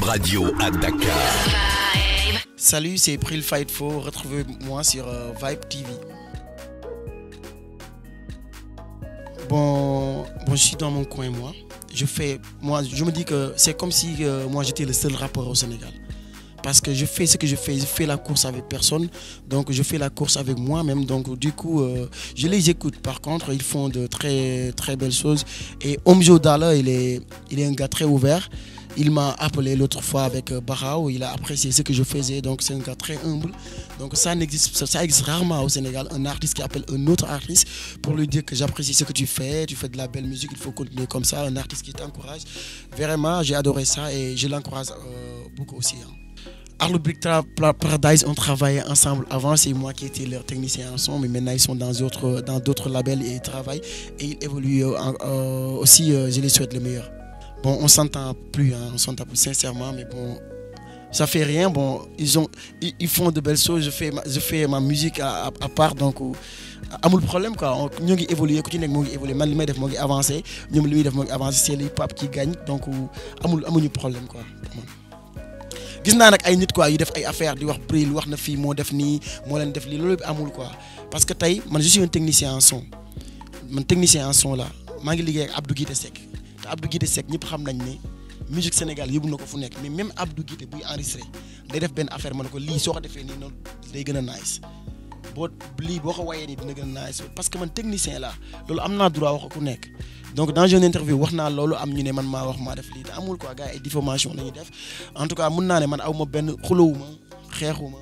Radio à Dakar. Salut, c'est Pril Four. Retrouvez-moi sur euh, Vibe TV. Bon, je suis dans mon coin, moi. Je fais, moi, je me dis que c'est comme si euh, moi j'étais le seul rappeur au Sénégal. Parce que je fais ce que je fais, je fais la course avec personne, donc je fais la course avec moi-même. Donc du coup, euh, je les écoute. Par contre, ils font de très très belles choses. Et Omjo Dala, il est, il est un gars très ouvert. Il m'a appelé l'autre fois avec euh, Barao, il a apprécié ce que je faisais, donc c'est un gars très humble. Donc ça n'existe ça rarement au Sénégal, un artiste qui appelle un autre artiste pour lui dire que j'apprécie ce que tu fais, tu fais de la belle musique, il faut continuer comme ça, un artiste qui t'encourage. Vraiment, j'ai adoré ça et je l'encourage euh, beaucoup aussi. Hein. Arlo Big Paradise on travaillé ensemble. Avant, c'est moi qui étais leur technicien ensemble, mais maintenant ils sont dans d'autres labels et ils travaillent et ils évoluent euh, aussi. je les souhaite le meilleur. Bon, on s'entend plus, hein, on s'entend plus sincèrement, mais bon, ça fait rien. Bon, ils, ont, ils, ils font de belles choses. Je fais ma, je fais ma musique à, à, à part, donc euh, amul problème quoi. évoluer man limay def mo ngi avancer lui avons def mo ngi avancer c'est les pap qui gagne, donc euh, amul amul problème quoi. gis na nak ay nit quoi yu def ay affaire di wax prix wax na fi mo def ni mo len def li loolu amul quoi parce que tay man je suis un technicien en son man technicien en son là ma ngi liggéey ak Abdou Guité Seck Abdou Guité sek ñep xam nañ ni musique Sénégal yóbbu nako fu nek mais même Abdou Guité buy enregistré day def ben affaire ma ko li soo ko defee nii day gëna nice bo li boo ko ni dina gëna nice parce que man technicien la lolu amna droit wax ko ku nek donc dans une interview waxna lolu am ñu né man ma wax ma def li te amul quoi gars yi ay diffamation la def en tout cas mën na né man aw ben xulawuma xexuma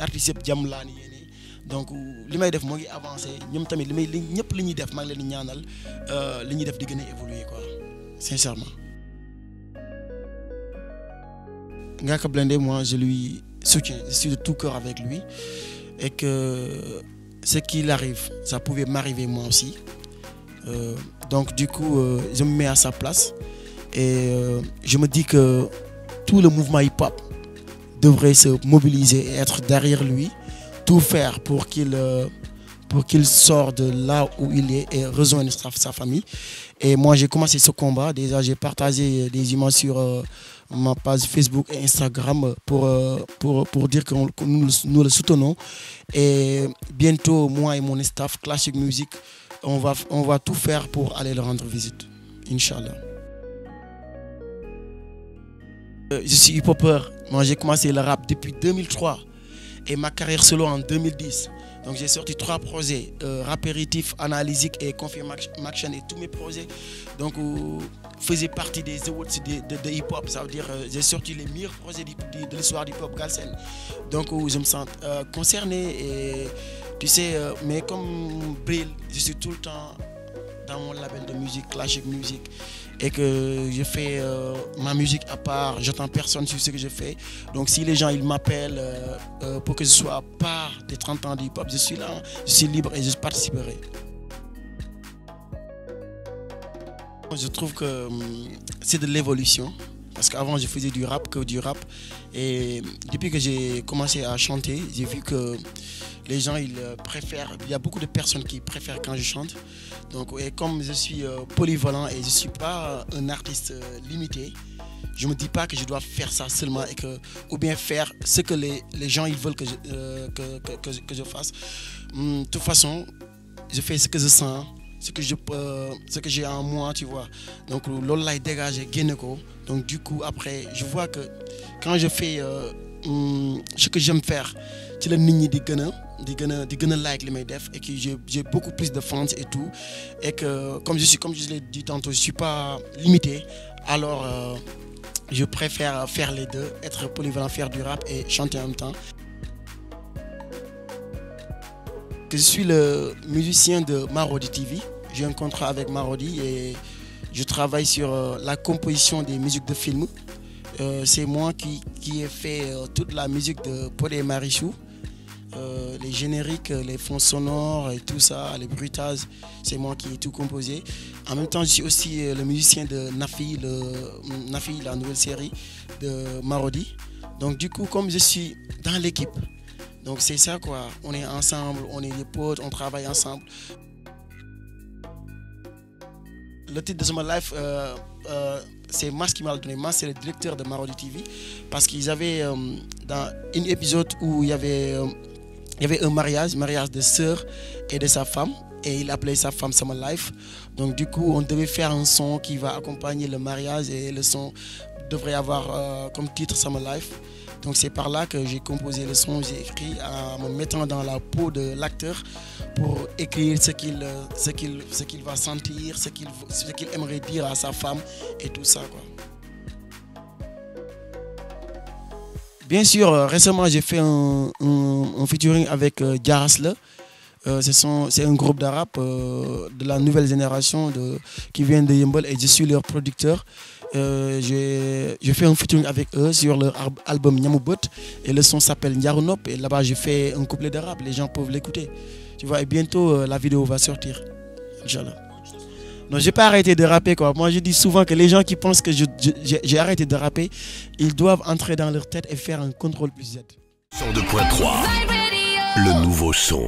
artiste yëpp jàmm ni donc limay def moo ngi avancé ñoom tamit limay ñep li ñuy def mag leen di ñaanal euh, li ñuy def di gën évoluer quoi sincèrement. Ngaka Blindé, moi, je lui soutiens, je suis de tout cœur avec lui. Et que ce qu'il arrive, ça pouvait m'arriver moi aussi. Euh, donc, du coup, euh, je me mets à sa place. Et euh, je me dis que tout le mouvement hip-hop devrait se mobiliser et être derrière lui, tout faire pour qu'il pour qu'il sorte de là où il est et rejoigne sa, famille. Et moi, j'ai commencé ce combat. Déjà, j'ai partagé des images sur euh, ma page Facebook et Instagram pour, euh, pour, dire que nous, nous, le soutenons. Et bientôt, moi et mon staff Classic Music, on va, on va tout faire pour aller le rendre visite. Inch'Allah. Euh, je suis hip-hopper. Moi, j'ai commencé le rap depuis 2003 et ma carrière solo en 2010. Donc j'ai sorti trois projets, euh, Rapéritif, Analysique et Confirmation et tous mes projets donc, euh, faisaient partie des awards de, hip-hop. Ça veut dire euh, j'ai sorti les meilleurs projets de, l'histoire du hip-hop Galsen. Donc euh, je me sens concerné et tu sais, mais comme Brill, je suis tout le temps dans mon label de musique, classique Music et que je fais euh, ma musique à part, je j'attends personne sur ce que je fais. Donc si les gens ils m'appellent euh, euh, pour que je sois à part des 30 ans du hip-hop, je suis là, je suis libre et je participerai. Je trouve que hum, c'est de l'évolution. Parce qu'avant, je faisais du rap que du rap. Et depuis que j'ai commencé à chanter, j'ai vu que les gens, ils euh, préfèrent. Il y a beaucoup de personnes qui préfèrent quand je chante. Donc, et comme je suis euh, polyvalent et je ne suis pas un artiste euh, limité, je ne me dis pas que je dois faire ça seulement et que, ou bien faire ce que les, gens ils veulent que que, que, je fasse. Hum, de toute façon, je fais ce que je sens ce que je peux, ce que j'ai en moi, tu vois. Donc l'ol dégage, est Donc du coup après, je vois que quand je fais euh, hmm, ce que j'aime faire, c'est le mini de Guénéens de gonna, des like les et que j'ai beaucoup plus de fans et tout. Et que, comme je suis, comme je l'ai dit tantôt, je ne suis pas limité. Alors, euh, je préfère faire les deux, être polyvalent, faire du rap et chanter en même temps. je suis le musicien de Marodi TV. J'ai un contrat avec Marodi et je travaille sur euh, la composition des musiques de film. Euh, c'est moi qui, ai fait euh, toute la musique de Paul et Marichou. les génériques, les fonds sonores et tout ça, les bruitages, c'est moi qui ai tout composé. En même temps, je suis aussi le musicien de Nafi, le, la nouvelle série de Marodi. Donc du coup, comme je suis dans l'équipe, donc c'est ça quoi, on est ensemble, on est des potes, on travaille ensemble le titre de Summer Life, euh, euh, c'est Mas qui m'a donné. Mas, c'est le directeur de Marodi TV. Parce qu'ils avaient, euh, dans un épisode où il y avait, il y un mariage, mariage de sœur et de sa femme. Et il appelait sa femme Summer Life. Donc, du coup, on devait faire un son qui va accompagner le mariage. Et le son devrait avoir comme titre Summer Life. Donc c'est par là que j'ai composé le son, j'ai écrit en me mettant dans la peau de l'acteur pour écrire ce qu'il ce ce qu'il va sentir, ce qu'il ce aimerait dire à sa femme et tout ça Bien sûr, euh, récemment j'ai fait un, featuring avec euh, euh c'est un groupe d'arabes euh, de la nouvelle génération qui vient de Yembol et je suis leur producteur. Euh, je, fais un featuring avec eux sur leur album Nyamoubot et le son s'appelle Nyarunop et là-bas je fais un couplet de rap les gens peuvent l'écouter. Tu vois, et bientôt euh, la vidéo va sortir. Inch'Allah. Non, j'ai pas arrêté de rapper quoi. Moi, je dis souvent que les gens qui pensent que j'ai arrêté de rapper, ils doivent entrer dans leur tête et faire un contrôle plus Z. 102.3, le nouveau son.